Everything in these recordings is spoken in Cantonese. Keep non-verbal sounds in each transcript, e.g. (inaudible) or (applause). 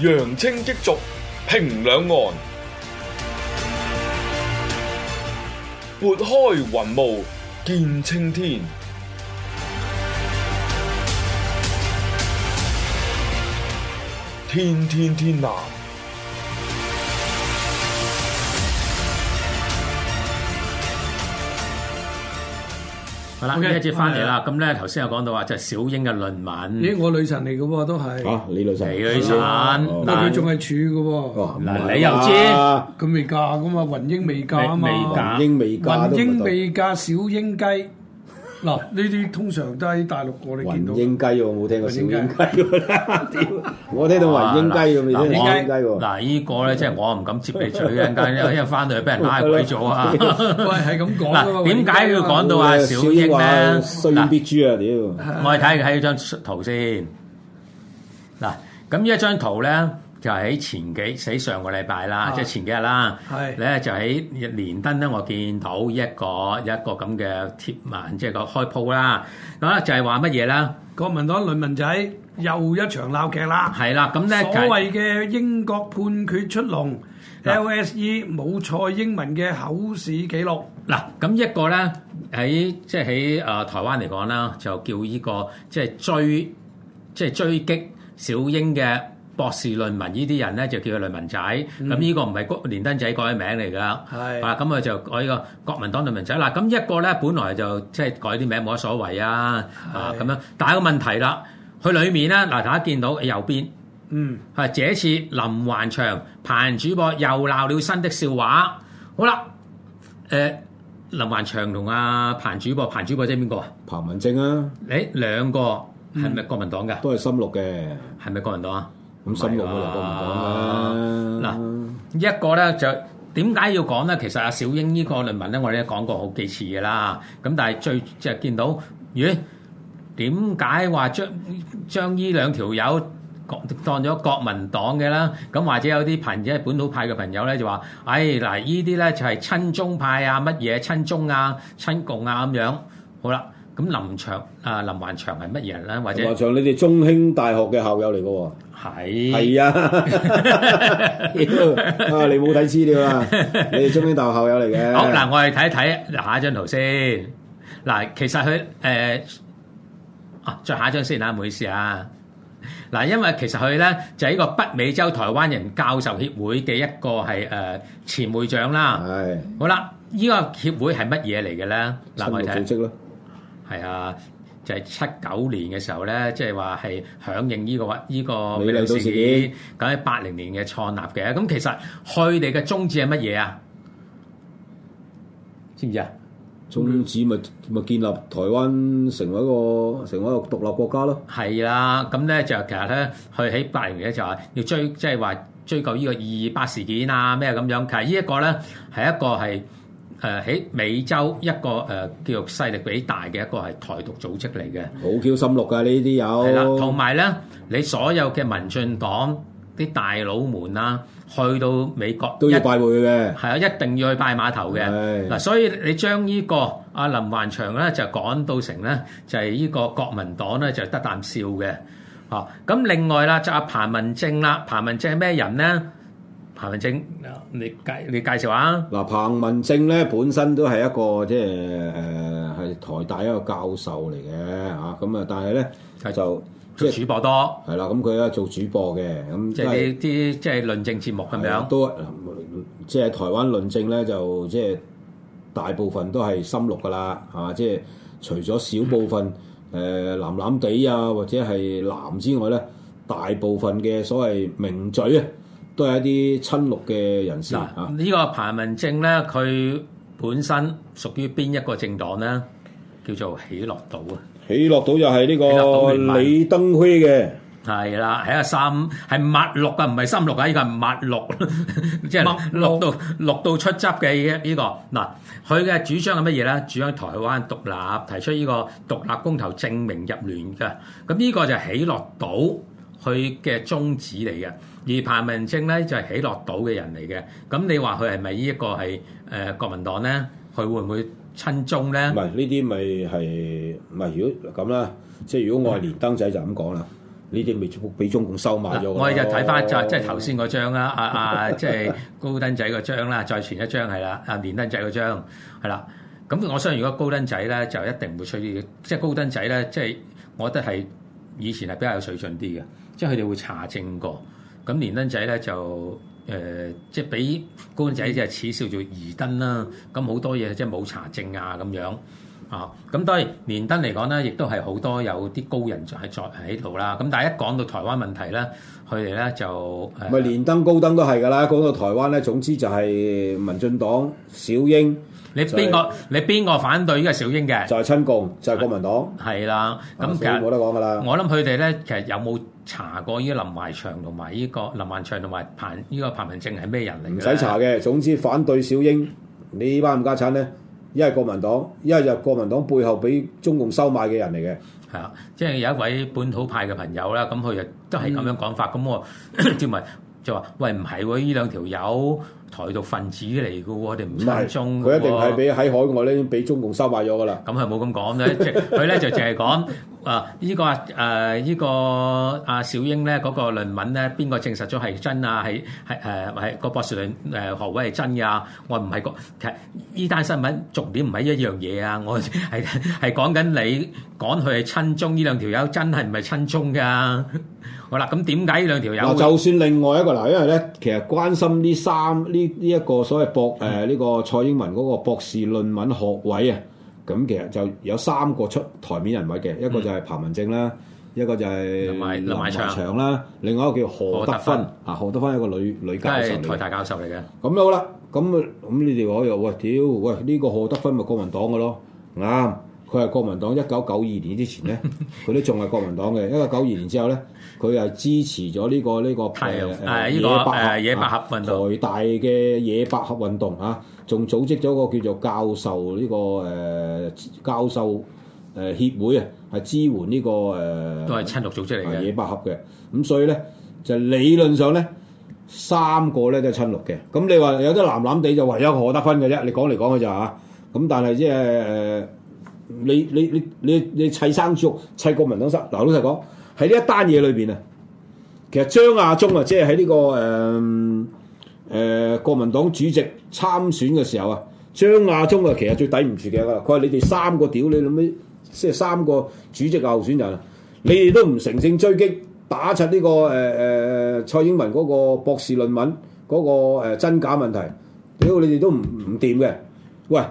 揚清激濁，平兩岸；撥開雲霧，見青天。天天天藍。好啦，呢一節翻嚟啦，咁咧頭先又講到話就小英嘅論文，咦我女神嚟嘅喎，都係啊你女神，女神，呃、但係仲係處嘅喎，嗱你又知，佢、啊、未嫁嘅嘛，雲英未嫁啊嘛，雲英未嫁，嫁，雲英未嫁小英雞。嗱，呢啲通常都喺大陸過你見到雲英雞喎，冇聽過小英雞喎。我聽到雲英雞喎，未聽過嗱呢個咧，即係我唔敢接你嘴嘅，因為因為翻到去俾人拉鬼咗啊。喂係咁講。嗱，點解要講到阿小英咧？嗱，B 豬啊！屌，我哋睇睇張圖先。嗱，咁呢一張圖咧。就係喺前幾，喺上個禮拜啦，即係前幾日啦，咧就喺連登咧，我見到一個有一個咁嘅貼文，即係個開鋪啦，嗱就係話乜嘢啦？國民黨論文仔又一場鬧劇啦，係啦，咁咧所謂嘅英國判決出籠，LSE 冇晒英文嘅口試記錄。嗱，咁一個咧喺即係喺啊台灣嚟講啦，就叫呢個即係追即係追擊小英嘅。博士論文呢啲人咧就叫佢論文仔，咁呢個唔係國連登仔改名嚟噶，係啊咁啊就改呢個國民黨論文仔啦。咁一個咧本來就即係改啲名冇乜所謂啊，啊咁樣，但係個問題啦，佢裏面咧嗱大家見到右邊，嗯係這次林環牆彭主播又鬧了新的笑話。好啦，誒林環牆同阿彭主播，彭主播即係邊個啊？彭文正啊，誒兩個係咪國民黨噶？都係深綠嘅，係咪國民黨啊？咁深入嘅論講啦，嗱一個咧就點解要講咧？其實阿小英呢個論文咧，我哋都講過好幾次嘅啦。咁但係最就係、見到咦點解話將將呢兩條友國當咗國民黨嘅啦？咁或者有啲朋友係本土派嘅朋友咧，就話，哎嗱，呢啲咧就係親中派啊，乜嘢親中啊、親共啊咁樣，好啦。咁林祥啊林環牆係乜嘢人咧？或者林環牆，你哋中興大學嘅校友嚟噶喎？係係啊！啊， (laughs) (laughs) 你冇睇資料啊！你哋中興大學校友嚟嘅。好嗱，我哋睇一睇下一張圖先。嗱，其實佢誒、呃、啊，再下一張先啊，唔好意思啊。嗱，因為其實佢咧就係、是、一個北美洲台灣人教授協會嘅一個係誒、呃、前會長啦。係是好啦，這個、協呢個協會係乜嘢嚟嘅咧？嗱，我哋組織咯。係啊，就係七九年嘅時候咧，即係話係響應依個依個美麗島事件。咁喺八零年嘅創立嘅，咁其實佢哋嘅宗旨係乜嘢啊？知唔知啊？宗旨咪咪建立台灣成為一個成為一個獨立國家咯。係啦，咁咧就其實咧，佢喺八零年咧就話要追，即係話追究依個二二八事件啊咩咁樣。其實依一個咧係一個係。誒喺美洲一個誒叫做勢力幾大嘅一個係台獨組織嚟嘅、啊，好鉤心絡噶呢啲有。係啦，同埋咧，你所有嘅民進黨啲大佬們啦、啊，去到美國都要拜會嘅。係啊，一定要去拜碼頭嘅。嗱，是的 所以你將、這個、呢個阿林環祥咧就講、是、到成咧就係、是、呢個國民黨咧就是、得啖笑嘅。嚇、哦，咁另外啦就阿、是、彭文正啦，彭文正係咩人咧？彭文正，你介你介紹下。嗱，彭文正咧本身都係一個即係係、呃、台大一個教授嚟嘅嚇，咁啊，但係咧就即做主播多。係啦是，咁佢咧做主播嘅，咁即係啲即係論政節目係咪啊？都即係台灣論政咧，就即係大部分都係深綠噶啦，係、啊、嘛？即係除咗少部分誒、嗯呃、藍藍地啊，或者係藍之外咧，大部分嘅所謂名嘴啊。嗯都係一啲親綠嘅人士嚇。呢個彭文正咧，佢本身屬於邊一個政黨咧？叫做喜樂島啊！喜樂島又係呢個李登輝嘅。係啦，係啊，三係抹綠，嘅，唔係三綠啊，呢家係抹綠，即 (laughs) 係綠到綠六到出汁嘅呢依個。嗱，佢嘅主張係乜嘢咧？主張台灣獨立，提出呢個獨立公投證明入聯嘅。咁、這、呢個就係喜樂島佢嘅宗旨嚟嘅。而彭文正咧就係喜樂島嘅人嚟嘅，咁你話佢係咪呢一個係誒、呃、國民黨咧？佢會唔會親中咧？唔係呢啲咪係唔係？如果咁啦，即係如果我係連登仔就咁講啦。呢啲未俾中共收買咗嗰，我哋就睇翻即係頭先嗰張啦，阿阿即係高登仔嗰張啦，再傳一張係啦，阿連登仔嗰張係啦。咁我相信如果高登仔咧就一定會水，即係高登仔咧即係我覺得係以前係比較有水準啲嘅，即係佢哋會查證過。咁連登仔咧就誒、呃，即係畀高登仔就恥笑做疑燈啦。咁好多嘢即係冇查證啊咁樣啊。咁當然連登嚟講咧，亦都係好多有啲高人在在喺度啦。咁但係一講到台灣問題咧，佢哋咧就唔係、呃、連登高登都係㗎啦。講到台灣咧，總之就係民進黨小英。你邊個？以你邊個反對呢個小英嘅？就係親共，就係、是、國民黨。係啦，咁其實冇得講㗎啦。我諗佢哋咧，其實有冇查過呢個林懷祥同埋呢個林萬祥同埋、這個、彭呢、這個彭文正係咩人嚟嘅？唔使查嘅。總之反對小英你呢班冚家產咧，一係國民黨，一係就係國民黨背後俾中共收買嘅人嚟嘅。係啊，即係有一位本土派嘅朋友啦，咁佢就都係咁樣講法，咁、嗯、我接埋就話：喂，唔係喎，呢兩條友。台獨分子嚟噶喎，我哋唔親中。佢一定係俾喺海外咧，俾中共收買咗噶啦。咁係冇咁講咧，即係佢咧就淨係講啊，依個啊，誒依個阿小英咧嗰個論文咧，邊個證實咗係真啊？係係誒，係個博士論誒學位係真噶？我唔係講，其實依單新聞重點唔係一樣嘢啊！我係係講緊你講佢係親中，依兩條友真係唔係親中噶？好啦，咁點解依兩條友，就算另外一個嗱，因為咧，其實關心依三。呢呢一個所謂博誒呢、呃這個蔡英文嗰個博士論文學位啊，咁其實就有三個出台面人位嘅，嗯、一個就係彭文正啦，一個就係林林環牆啦，另外一個叫何德芬，何德芬啊，何德芬係一個女女教授嚟嘅，台大教授嚟嘅，咁好啦，咁咁你哋話又喂屌喂呢、這個何德芬咪國民黨嘅咯，啱。佢係國民黨一九九二年之前咧，佢都仲係國民黨嘅。因為九二年之後咧，佢係支持咗呢、這個呢、這個誒、啊、野百合，誒、啊、野百合運動。台大嘅野百合運動嚇，仲、啊、組織咗個叫做教授呢、這個誒、呃、教授誒協會、這個呃、啊，係支援呢個誒都係親綠組織嚟野百合嘅。咁所以咧，就理論上咧，三個咧都係親綠嘅。咁你話有啲藍藍哋就唯有我得分嘅啫。你講嚟講去就嚇。咁但係即係誒。呃你你你你你砌生豬肉砌國民黨室。嗱老實講喺呢一單嘢裏邊啊，其實張亞中啊，即係喺呢個誒誒、呃呃、國民黨主席參選嘅時候啊，張亞中啊，其實最抵唔住嘅啦，佢話你哋三個屌，你諗咩？即係三個主席嘅候選人，你哋都唔乘勝追擊，打柒呢、這個誒誒、呃呃、蔡英文嗰個博士論文嗰、那個誒、呃、真假問題，屌、呃、你哋都唔唔掂嘅，喂！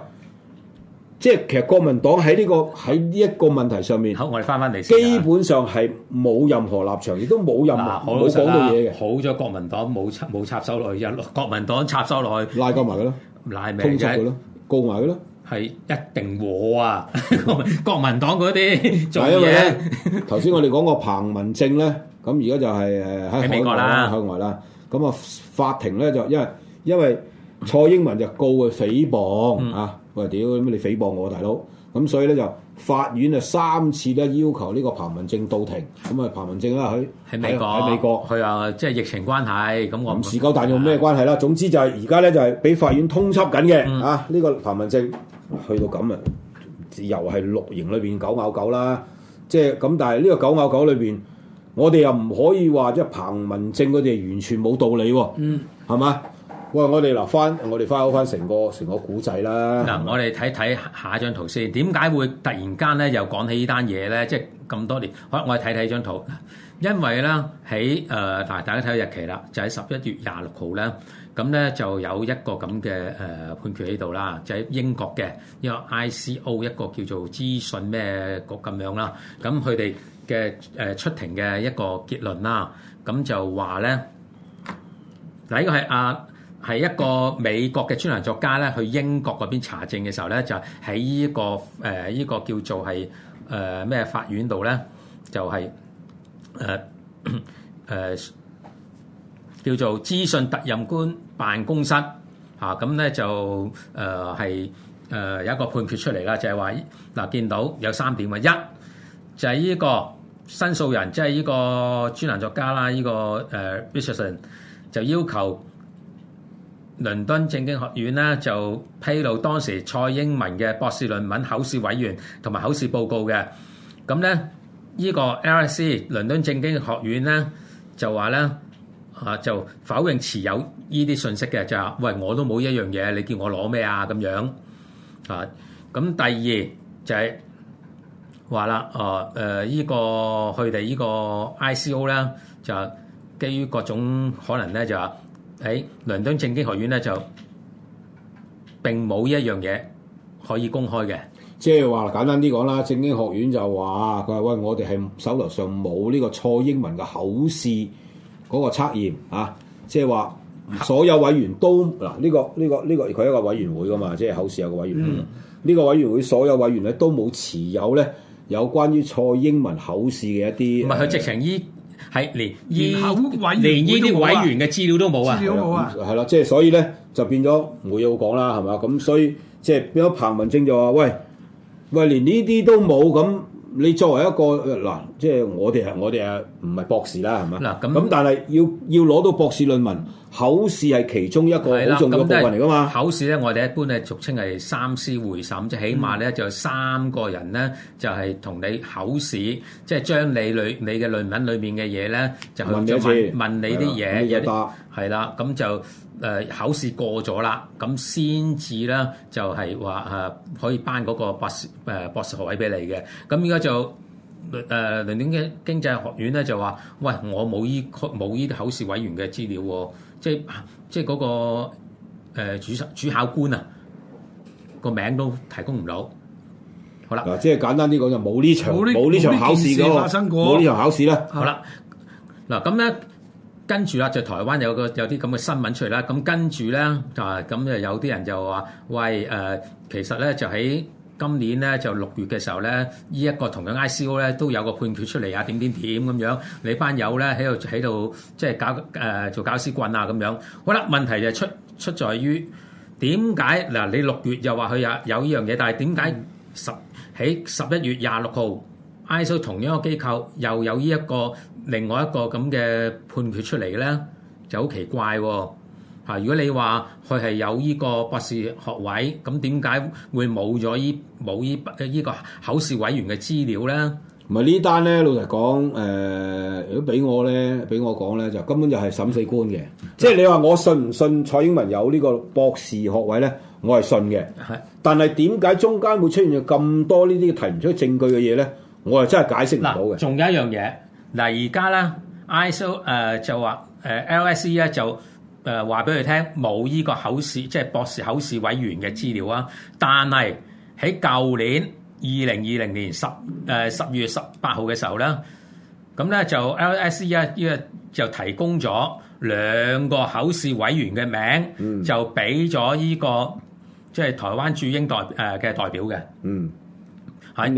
即係其實國民黨喺呢、這個喺呢一個問題上面，好，我哋翻翻嚟，基本上係冇任何立場，亦都冇任何冇講到嘢嘅，好咗國民黨冇插冇插手落去，國民黨插手落去，拉高埋嘅咯，拉命嘅咯，告埋嘅咯，係一定和啊！ (laughs) 國民黨嗰啲做嘢，頭 (laughs) 先 (laughs) 我哋講過彭文正咧，咁而家就係誒喺海外啦，海外啦，咁啊法庭咧就因為因為，因為蔡英文就告佢誹謗啊。嗯喂，屌！乜你誹謗我，大佬咁，所以咧就法院啊三次咧要求呢個彭文正到庭，咁啊彭文正啦佢喺美國喺美國，佢啊即係疫情關係，咁我唔時夠，但用咩關係啦？嗯、總之就係而家咧就係、是、俾法院通緝緊嘅、嗯、啊！呢、呢個彭文正去到咁啊，又係綠營裏邊狗咬狗啦，即係咁。但係呢個狗咬狗裏邊，我哋又唔可以話即係彭文正嗰啲完全冇道理喎、啊，嗯，係嘛？喂，我哋留翻，我哋翻好翻成個成個古仔啦。嗱，我哋睇睇下一張圖先。點解會突然間咧又講起呢單嘢咧？即係咁多年，好，我哋睇睇張圖。因為咧喺誒，大家睇日期啦，就喺十一月廿六號咧。咁咧就有一個咁嘅誒判決喺度啦，就喺英國嘅呢個 ICO 一個叫做資訊咩國咁樣啦。咁佢哋嘅誒出庭嘅一個結論啦，咁就話咧，第一個係阿、啊。係一個美國嘅專欄作家咧，去英國嗰邊查證嘅時候咧，就喺呢個誒呢、呃、個叫做係誒咩法院度咧，就係誒誒叫做資訊特任官辦公室嚇，咁、啊、咧就誒係誒有一個判決出嚟啦，就係話嗱，見到有三點啊，一就係呢個申訴人，即係呢個專欄作家啦，呢、這個誒 Richardson 就要求。倫敦政經學院咧就披露當時蔡英文嘅博士論文考試委員同埋考試報告嘅。咁咧呢個 LSE 倫敦政經學院咧就話咧啊，就否認持有呢啲信息嘅，就話、是、喂，我都冇一樣嘢，你叫我攞咩啊咁樣啊，咁第二就係話啦，啊誒依、呃這個佢哋呢個 ICO 咧就基於各種可能咧就。喺倫、哎、敦政經學院咧就並冇一樣嘢可以公開嘅，即係話簡單啲講啦，政經學院就話佢話喂，我哋係手頭上冇呢個蔡英文嘅口試嗰個測驗啊，即係話所有委員都嗱呢、啊呢個呢、呢個呢、呢個佢係一個委員會噶嘛，即、就、係、是、口試有個委員會，呢、嗯、個委員會所有委員咧都冇持有咧有關於蔡英文口試嘅一啲，唔係佢直情依。係連依連依啲委員嘅資料都冇啊！係啦，即係 (noise) 所以咧就變咗唔會有講啦，係嘛？咁所以即係變咗彭文正就話：喂喂，連呢啲都冇咁，你作為一個嗱，即係、就是、我哋係我哋啊，唔係博士啦，係嘛？嗱咁咁，但係要要攞到博士論文。口試係其中一個重嘅部分嚟噶嘛？考試咧，我哋一般咧俗稱係三思會審，即係起碼咧就有三個人咧就係、是、同你口試，即係將你，你裡你嘅論文裏面嘅嘢咧就去問問你啲嘢，有係啦，咁就誒口試過咗啦，咁先至啦就係話誒可以頒嗰個博士誒博士學位俾你嘅，咁而家就。誒倫敦政經學院咧就話，喂，我冇依冇依啲考試委員嘅資料喎，即係即係、那、嗰個、呃、主主考官啊，個名都提供唔到。好啦，嗱，即係簡單啲講就冇呢場冇呢場場考試嘅發生過冇呢場考試啦。好啦，嗱咁咧跟住啦，就台灣有個有啲咁嘅新聞出嚟啦。咁跟住咧就咁就有啲人就話，喂，誒、呃、其實咧就喺今年咧就六月嘅時候咧，呢、這、一個同樣 ICO 咧都有個判決出嚟、呃、啊，點點點咁樣，你班友咧喺度喺度即係搞誒做搞屎棍啊咁樣。好啦，問題就出出在於點解嗱？你六月又話佢有有呢樣嘢，但係點解十喺十一月廿六號 ICO 同樣個機構又有呢、這、一個另外一個咁嘅判決出嚟咧，就好奇怪喎、啊。啊！如果你話佢係有呢個博士學位，咁點解會冇咗呢冇呢呢個考試委員嘅資料咧？唔係呢單咧，老實講，誒、呃、如果俾我咧，俾我講咧，就根本就係審死官嘅。即、就、係、是、你話我信唔信蔡英文有呢個博士學位咧？我係信嘅，係。但係點解中間會出現咗咁多呢啲提唔出證據嘅嘢咧？我係真係解釋唔到嘅。仲有一樣嘢嗱，而家咧 ISO 誒、呃、就話誒、呃、LSE 咧就。誒，話俾佢聽，冇依個口試，即係博士口試委員嘅資料啊！但係喺舊年二零二零年十誒十月十八號嘅時候咧，咁咧就 LSE 依個就提供咗兩個口試委員嘅名，就俾咗依個即係台灣駐英代誒嘅代表嘅。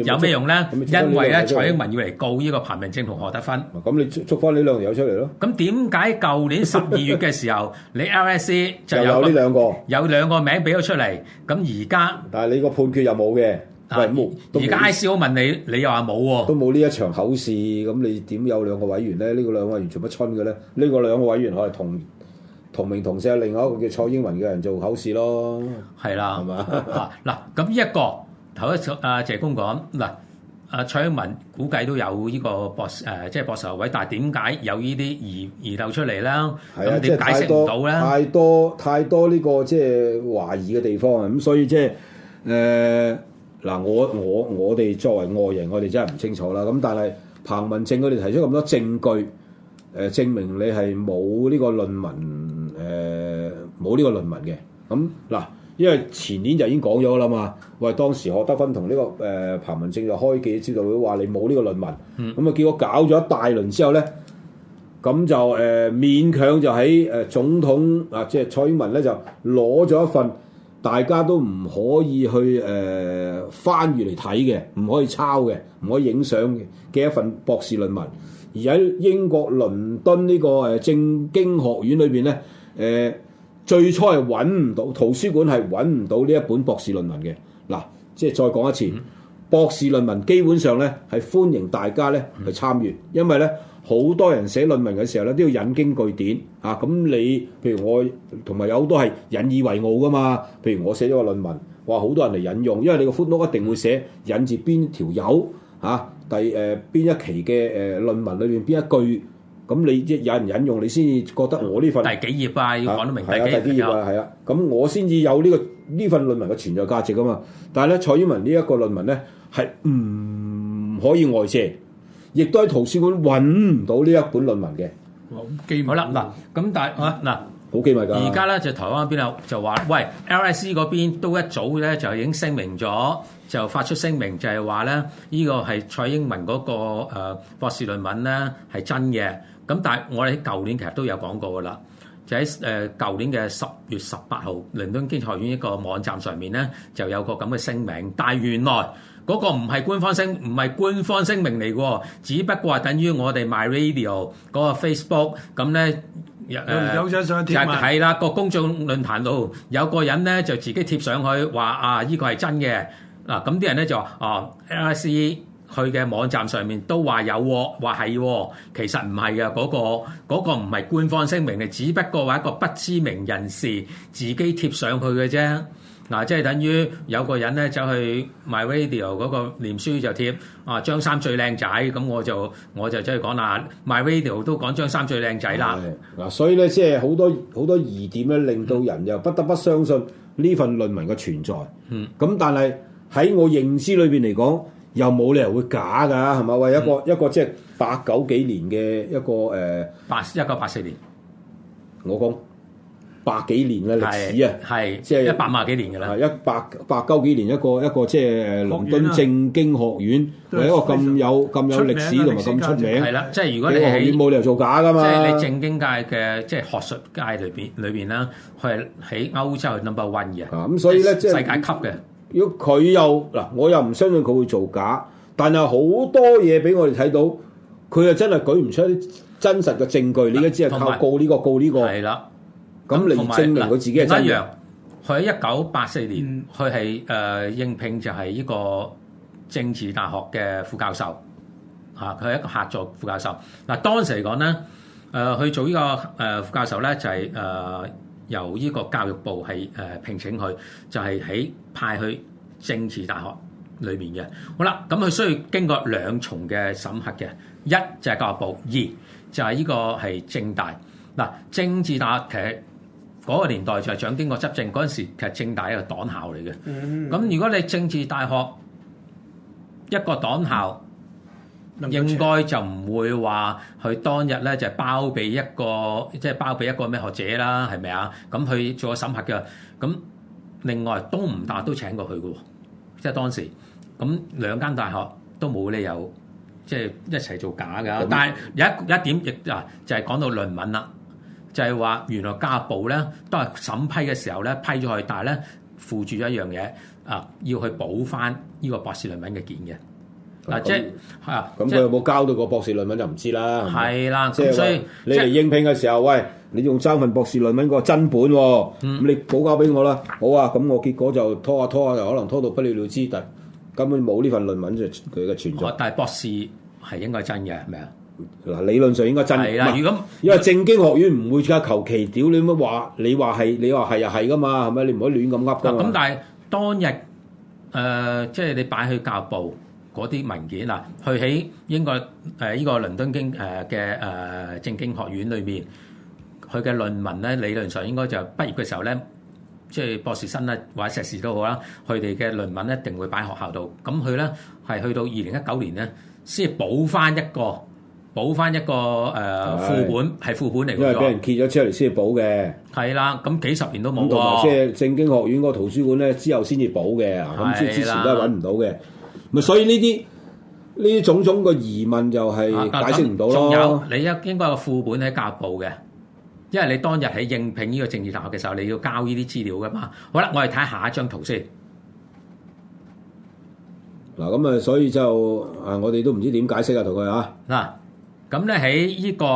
有咩用咧？因為咧，蔡英文要嚟告呢個彭明正同何德芬，咁你捉翻呢兩條友出嚟咯。咁點解舊年十二月嘅時候，你 LSE 就有呢兩個，有兩個名俾咗出嚟。咁而家但係你個判決又冇嘅，喂冇。而家 I C O 問你，你又話冇喎。都冇呢一場口試，咁你點有兩個委員咧？呢個兩個完全不親嘅咧？呢個兩個委員可能同同名同姓，另外一個叫蔡英文嘅人做口試咯。係啦，係嘛？嗱咁呢一個。頭一阿謝公講嗱，阿蔡英文估計都有呢個博士，即係博士位，但係點解有呢啲疑疑竇出嚟啦？咁你解釋唔到啦？太多太多太多呢個即係懷疑嘅地方啊！咁所以即係誒嗱，我我我哋作為外人，我哋真係唔清楚啦。咁但係彭文正佢哋提出咁多證據，誒、呃、證明你係冇呢個論文，誒冇呢個論文嘅。咁、嗯、嗱。呃因為前年就已經講咗啦嘛，喂，當時何德芬同呢、這個誒彭文正就開記者招待會，話你冇呢個論文，咁啊、嗯、結果搞咗一大輪之後咧，咁就誒、呃、勉強就喺誒、呃、總統啊、呃，即係蔡英文咧就攞咗一份大家都唔可以去誒、呃、翻閱嚟睇嘅，唔可以抄嘅，唔可以影相嘅嘅一份博士論文，而喺英國倫敦呢、這個誒政、呃、經學院裏邊咧，誒、呃。呃最初係揾唔到圖書館係揾唔到呢一本博士論文嘅，嗱，即係再講一次，嗯、博士論文基本上咧係歡迎大家咧、嗯、去參與，因為咧好多人寫論文嘅時候咧都要引經據典啊，咁你譬如我同埋有好多係引以為傲噶嘛，譬如我寫咗個論文，話好多人嚟引用，因為你個 footnote 一定會寫引自邊條友啊，第誒邊、呃、一期嘅誒、呃、論文裏邊邊一句。咁你即係有人引用你先至覺得我呢份第幾頁啊？要講得明。係啊，第幾頁啊？係啊。咁我先至有呢個呢份論文嘅存在價值啊嘛。但係咧，蔡英文呢一個論文咧係唔可以外借，亦都喺圖書館揾唔到呢一本論文嘅。冇機密。好啦，嗱咁但係啊嗱，冇機密㗎。而家咧就台灣邊度就話喂，LSE 嗰邊都一早咧就已經聲明咗，就發出聲明就係話咧，呢個係蔡英文嗰個誒博士論文咧係真嘅。咁但係我哋喺舊年其實都有講過㗎啦，就喺誒舊年嘅十月十八號，倫敦經濟學院一個網站上面咧就有個咁嘅聲明，但係原來嗰個唔係官方聲，唔係官方聲明嚟嘅喎，只不過係等於我哋 MyRadio 嗰個 Facebook 咁咧有有張上貼啊，係啦、呃就是，個公眾論壇度有個人咧就自己貼上去話啊，啊呢個係真嘅，嗱咁啲人咧就啊 LSE。佢嘅網站上面都話有喎，話係喎，其實唔係嘅，嗰、嗰個嗰、嗰個唔係官方聲明嚟，只不過話一個不知名人士自己貼上去嘅啫。嗱、啊，即係等於有個人咧走去 MyRadio 嗰個臉書就貼啊張三最靚仔，咁我就我就走去講啦，MyRadio 都講張三最靚仔啦。嗱，所以咧即係好多好多疑點咧，令到人又不得不相信呢份論文嘅存在。嗯，咁但係喺我認知裏邊嚟講。又冇理由會假噶，係咪？喂，一個一個即係八九幾年嘅、嗯、一個誒，八一九八四年，我講八幾年嘅歷史啊，係即係一百萬幾年噶啦，一百八九幾年一個一個即係倫敦政經學院，為、啊、一個咁有咁有歷史同埋咁出名，係啦。即係如果你冇理由做假噶嘛，即係你政、就是、經界嘅即係學術界裏邊裏邊啦，佢係喺歐洲 number one 嘅，咁、嗯、所以咧即係世界級嘅。如果佢又嗱，我又唔相信佢會做假，但係好多嘢，俾我哋睇到，佢又真係舉唔出啲真實嘅證據，你而家只係靠告呢、這個有告呢、這個係啦，咁你、這個、的證明佢自己係真樣佢喺一九八四年，佢係誒應聘就係呢個政治大學嘅副教授，吓，佢係一個客座副教授。嗱、啊、當時嚟講咧，誒、呃、去做呢、這個誒、呃、副教授咧就係、是、誒。呃由呢個教育部係誒聘請佢，就係、是、喺派去政治大學裏面嘅。好啦，咁佢需要經過兩重嘅審核嘅，一就係、是、教育部，二就係、是、呢個係政大。嗱、啊，政治大學其實嗰個年代就係蔣經國執政嗰陣時，其實政大係一個黨校嚟嘅。咁、mm hmm. 如果你政治大學一個黨校，應該就唔會話佢當日咧就係包庇一個，即係包庇一個咩學者啦，係咪啊？咁去做個審核嘅。咁另外東吳大學都請過佢嘅喎，即係當時咁兩間大學都冇理由，即係一齊做假嘅。嗯、但係有一一點亦嗱就係講到論文啦，就係、是、話原來家暴咧都係審批嘅時候咧批咗佢，但係咧附住一樣嘢啊，要去補翻呢個博士論文嘅件嘅。嗱，即係啊，咁佢有冇交到個博士論文就唔知啦。係啦，即係所以你嚟應聘嘅時候，喂，你仲爭份博士論文個真本，咁你補交俾我啦。好啊，咁我結果就拖下拖下，就可能拖到不了了之，但根本冇呢份論文就佢嘅存在。但係博士係應該真嘅，係咪啊？嗱，理論上應該真。係啦，如果因為正經學院唔會噶，求其屌你乜話，你話係，你話係呀係噶嘛，係咪？你唔可以亂咁噏噶。咁但係當日誒，即係你擺去教部。嗰啲文件嗱，佢喺英國誒呢、呃呢個倫敦經誒嘅誒政經學院裏面，佢嘅論文咧理論上應該就畢業嘅時候咧，即係博士生啦，或者碩士都好啦，佢哋嘅論文一定會擺喺學校度。咁佢咧係去到二零一九年咧先補翻一個，補翻一個誒副本，係對副本嚟嘅。因為俾人揭咗出嚟先補嘅。係啦，咁幾十年都冇到，即係政經學院嗰個圖書館咧，之後先至補嘅，咁即係之前都係揾唔到嘅。咪所以呢啲呢種種嘅疑問就係解釋唔到咯。仲有你一應該有個副本喺教育部嘅，因為你當日喺應聘呢個政治大學嘅時候，你要交呢啲資料㗎嘛。好啦，我哋睇下一張圖先。嗱咁啊，所以就啊，我哋都唔知點解釋啊，同佢啊。嗱，咁咧喺呢個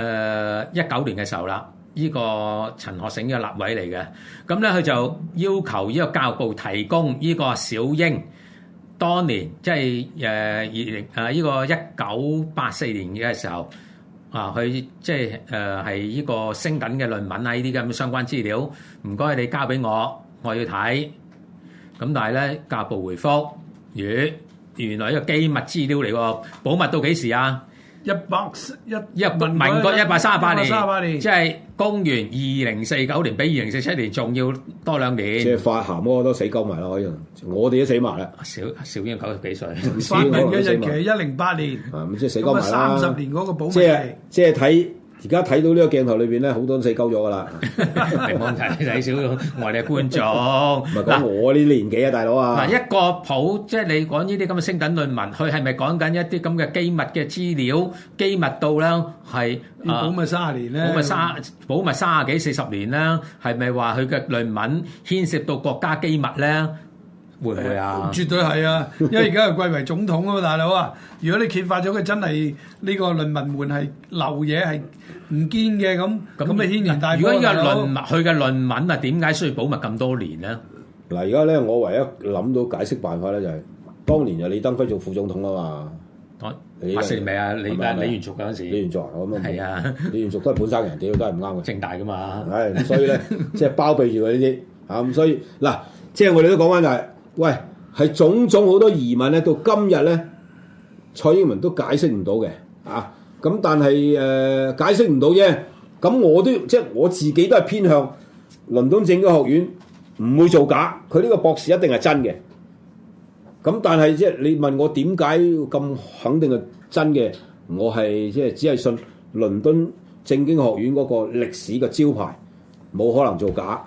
誒一九年嘅時候啦。呢個陳學聖依個立委嚟嘅，咁咧佢就要求呢個教育部提供呢個小英當年，即係誒二零誒依個一九八四年嘅時候啊，佢即係誒係依個升緊嘅論文啊呢啲咁嘅相關資料，唔該你交俾我，我要睇。咁但係咧教育部回覆，原原來呢個機密資料嚟喎，保密到幾時啊？一百一一民民國一百三十八年，三十八年，即係公元二零四九年，比二零四七年仲要多兩年。即係發咸，我都死鳩埋啦，可以。我哋都死埋啦。小小英九十幾歲？發明嘅日期一零八年。啊，咁即係死鳩埋啦。三十年嗰個保密即係即係睇。就是就是而家睇到呢個鏡頭裏邊咧，好多都死鳩咗噶啦。唔好睇睇少咗我哋嘅觀眾。唔係講我呢年紀啊，大佬啊。嗱一個普，即係你講呢啲咁嘅升等論文，佢係咪講緊一啲咁嘅機密嘅資料？機密到咧係保密卅年咧？保密三保密卅幾四十年咧？係咪話佢嘅論文牽涉到國家機密咧？會唔會啊？絕對係啊！因為而家係貴為總統啊嘛，大佬啊！如果你揭發咗佢，真係呢個論文門係流嘢，係唔堅嘅咁咁。你天大如果呢個論文，佢嘅論文啊，點解需要保密咁多年咧？嗱，而家咧，我唯一諗到解釋辦法咧，就係當年就李登輝做副總統啊嘛。你八四年未啊？李李元簇嗰陣時，李元咁簇係啊，李元簇都係本山人，屌都係唔啱嘅。政大噶嘛，係所以咧，即係包庇住佢呢啲啊。咁所以嗱，即係我哋都講翻就係。喂，係種種好多疑問咧，到今日咧，蔡英文都解釋唔到嘅，啊，咁但係誒、呃、解釋唔到啫。咁、啊、我都即係我自己都係偏向倫敦政經學院唔會做假，佢呢個博士一定係真嘅。咁、啊、但係即係你問我點解咁肯定係真嘅，我係即係只係信倫敦政經學院嗰個歷史嘅招牌，冇可能做假。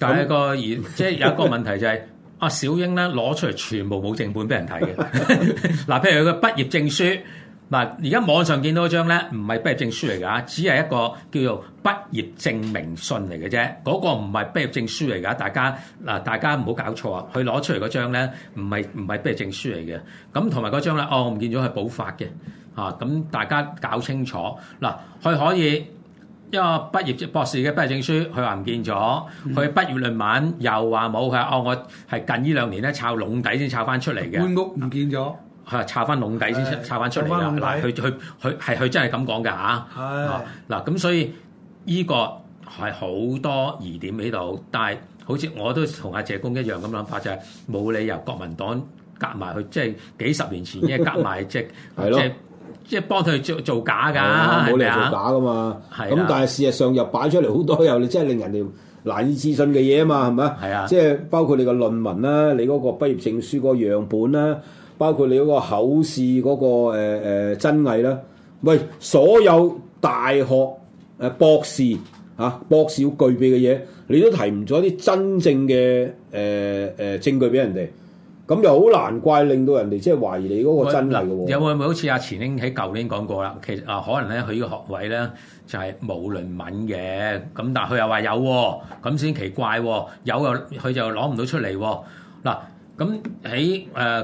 但係個而即係有一個問題就係、是。 (laughs) 啊，小英咧攞出嚟全部冇正本俾人睇嘅嗱，譬如佢嘅畢業證書嗱，而家網上見到張咧唔係畢業證書嚟噶，只係一個叫做畢業證明信嚟嘅啫。嗰個唔係畢業證書嚟噶，大家嗱，大家唔好搞錯啊。佢攞出嚟嗰張咧唔係唔係畢業證書嚟嘅，咁同埋嗰張咧，哦，我唔見咗係補發嘅嚇，咁、啊、大家搞清楚嗱，佢、啊、可以。因為畢業即博士嘅畢業證書，佢話唔見咗；佢畢業論文又話冇，佢話哦，我係近呢兩年咧抄籠底先抄翻出嚟嘅。搬屋唔見咗，佢話抄翻籠底先抄翻出嚟嘅。嗱，佢佢佢係佢真係咁講㗎嚇。係、啊。嗱咁的、啊啊、所以呢個係好多疑點喺度，但係好似我都同阿謝工一樣咁諗法，就係冇理由國民黨夾埋去，即係幾十年前已經夾埋即係。係咯。即係幫佢做假噶、啊，冇理由做假噶嘛。咁係但係事實上又擺出嚟好多又你真係令人哋難以置信嘅嘢啊嘛，係咪啊？係啊即係包括你個論文啦、啊，你嗰個畢業證書個樣本啦、啊，包括你嗰個口試嗰、那個誒誒、呃呃、真偽啦、啊。喂，所有大學誒博士吓、啊、博士要具備嘅嘢，你都提唔咗啲真正嘅誒誒證據俾人哋。咁又好難怪令到人哋即係懷疑你嗰個真理嘅喎。 (music) 有冇好似阿前英喺舊年講過啦？其實啊，可能咧佢個學位咧就係無論文嘅。咁但係佢又話有，咁先奇怪。有又佢就攞唔到出嚟。嗱，咁喺誒，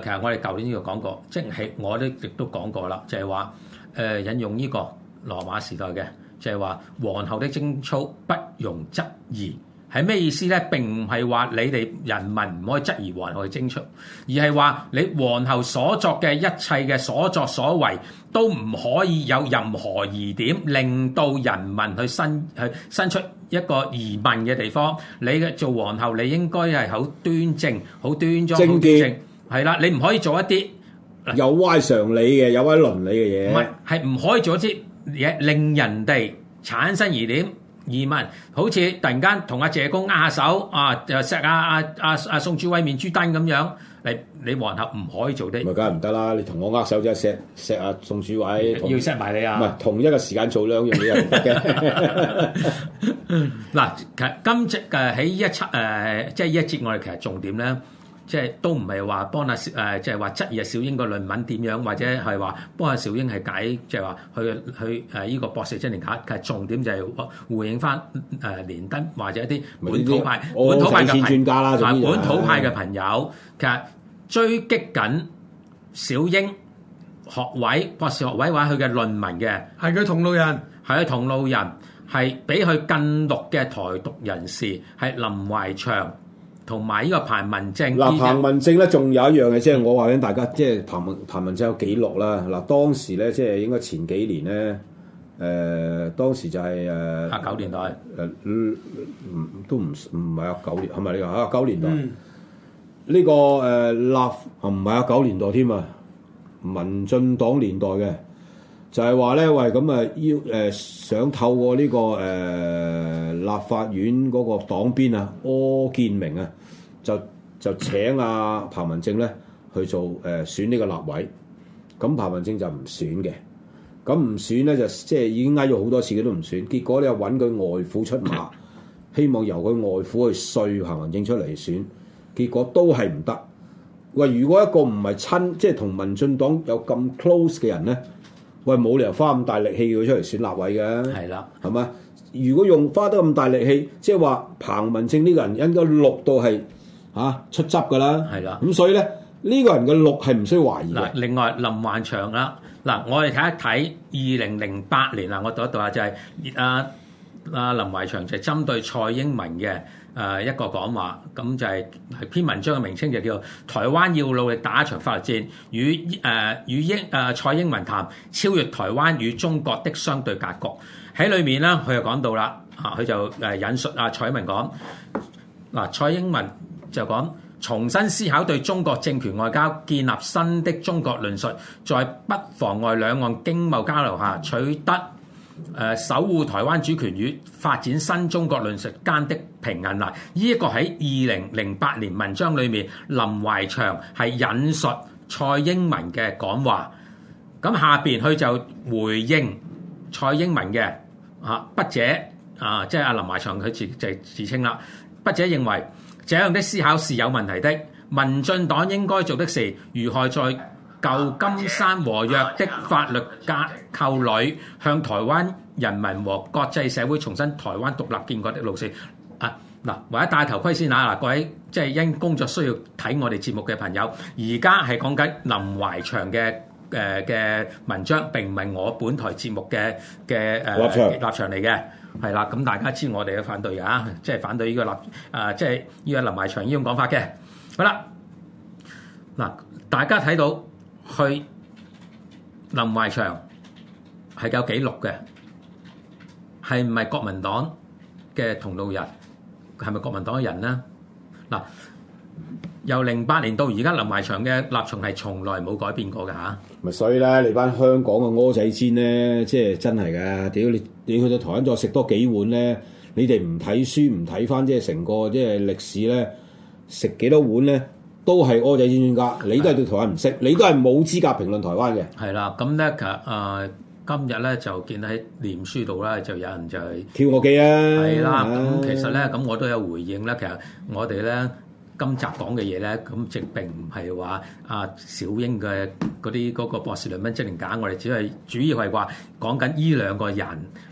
其實我哋舊年呢度講過，即係我都亦都講過啦，就係話誒引用呢個羅馬時代嘅，就係話皇后的貞操不容質疑。係咩意思咧？並唔係話你哋人民唔可以質疑皇后嘅徵出，而係話你皇后所作嘅一切嘅所作所為都唔可以有任何疑點，令到人民去伸去伸出一個疑問嘅地方。你嘅做皇后，你應該係好端正、好端莊、好端正，係啦，你唔可以做一啲有歪常理嘅、有歪倫理嘅嘢，唔係，係唔可以做一啲嘢令人哋產生疑點。移民好似突然間同阿謝公握下手啊，又錫啊阿阿阿宋柱偉面珠墩咁樣，你你黃合唔可以做的？咪梗係唔得啦！你同我握手就係錫錫阿宋柱偉，要錫埋你啊！唔係同一個時間做兩樣嘢又唔得嘅。嗱，其實今集嘅喺一七誒、呃，即係呢一節我哋其實重點咧。即係都唔係話幫阿，啊、小即係話質疑阿小英個論文點樣，或者係話幫阿小英係解，解，即係話去去誒依個博士質年卡。其實重點就係回應翻誒連登或者一啲本土派、本土派嘅朋友，其實追擊緊小英學位博士學位話佢嘅論文嘅係佢同路人，係佢同路人，係比佢更毒嘅台獨人士，係林懷祥。同埋呢個彭文正，嗱彭文正咧，仲有一樣嘅，即係、嗯、我話俾大家，即係彭文彭文正有記錄啦。嗱，當時咧，即係應該前幾年咧，誒、呃、當時就係、是、八、呃、九年代，誒唔、呃、都唔唔係啊九年，係咪呢個啊九年代？呢、嗯這個誒立唔係啊九年代添啊，民進黨年代嘅。就係話咧，喂咁啊，要誒、呃、想透過呢、這個誒、呃、立法院嗰個黨鞭啊，柯建銘啊，就就請阿、啊、彭文正咧去做誒、呃、選呢個立委。咁彭文正就唔選嘅，咁唔選咧就即係已經嗌咗好多次，佢都唔選。結果你又揾佢外父出馬，希望由佢外父去說彭文正出嚟選，結果都係唔得。喂，如果一個唔係親，即係同民進黨有咁 close 嘅人咧？喂，冇理由花咁大力氣要出嚟選立委嘅，係啦的，係嘛？如果用花得咁大力氣，即係話彭文正呢個人應該綠到係嚇、啊、出汁噶啦，係啦的。咁所以咧，呢、這個人嘅綠係唔需要懷疑嘅。另外林環祥啦，嗱，我哋睇一睇二零零八年啦，我讀一讀啊，就係阿阿林環祥就針對蔡英文嘅。誒一個講話，咁就係、係、係篇文章嘅名稱就叫做《台灣要努力打一場法律戰》與呃，與誒英誒、呃、蔡英文談超越台灣與中國的相對格局。喺裏面咧，佢就講到啦，嚇佢就誒引述阿蔡英文講，嗱，蔡英文就講重新思考對中國政權外交，建立新的中國論述，在不妨礙兩岸經貿交流下取得。誒守護台灣主權與發展新中國論述間的平衡啦，呢一個喺二零零八年文章裏面，林懷祥係引述蔡英文嘅講話。咁下面佢就回應蔡英文嘅嚇、啊、筆者啊，即係阿林懷祥佢自就自稱啦。筆者認為這樣的思考是有問題的，民進黨應該做的是如何在舊金山和約的法律架構裏，向台灣人民和國際社會重申台灣獨立建國的路線啊。嗱，或者戴頭盔先啊。嗱，各位即係因工作需要睇我哋節目嘅朋友，而家係講緊林懷祥嘅誒嘅文章，並唔係我本台節目嘅嘅誒立場立場嚟嘅係啦。咁大家知我哋嘅反對啊，即係反對呢個立啊，即係呢個林懷祥呢種講法嘅好啦。嗱，大家睇到。去林懷祥係夠紀錄嘅，係唔係國民黨嘅同路人？係咪國民黨嘅人咧？嗱，由零八年到而家，林懷祥嘅立場係從來冇改變過㗎吓。咪所以咧，你班香港嘅蚵仔煎咧，即係真係㗎，屌你！你去到台灣再食多幾碗咧，你哋唔睇書唔睇翻即係成個即係歷史咧，食幾多碗咧？都係我哋專家，你都係對台灣唔識，你都係冇資格評論台灣嘅。係啦，咁咧其實誒、呃、今日咧就見喺臉書度咧就有人就係、是、跳我機的啊！係啦、嗯，咁其實咧咁我都有回應啦。其實我哋咧。今集講嘅嘢咧，咁即係並唔係話阿小英嘅嗰啲嗰個博士論文即係假，我哋只係主要係話講緊呢兩個人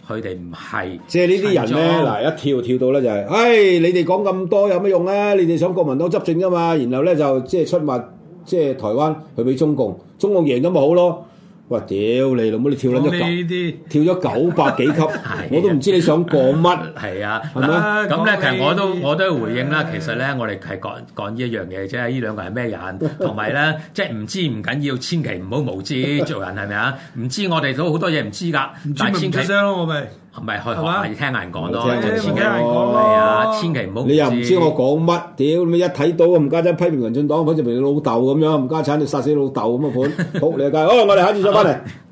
佢哋唔係即係呢啲人咧，嗱 (music) 一跳跳到咧就係、是，唉你哋講咁多有咩用啊？你哋想國民黨執政㗎嘛？然後咧就馬即係出賣即係台灣去俾中共，中共贏咁咪好咯？哇！屌你老母，你跳捻咗九，講你呢啲跳咗九百幾級，我都唔知你想講乜。係啊，咁咧，其實我都我都回應啦。啊、其實咧，我哋係講講呢一樣嘢，啫。係呢兩個係咩人？同埋咧，即係唔知唔緊要，千祈唔好無知 (laughs) 做人係咪啊？唔知我哋都好多嘢唔知㗎，但知千。不知不知係咪開學啊！要聽下人講咯，千祈唔好。你又唔知我講乜？屌你一睇到啊！吳家珍批評民進黨，好似評你老豆咁樣。吳家珍你殺死你老豆咁嘅款， (laughs) 好，你家。哦，我哋下次再翻嚟。 (laughs)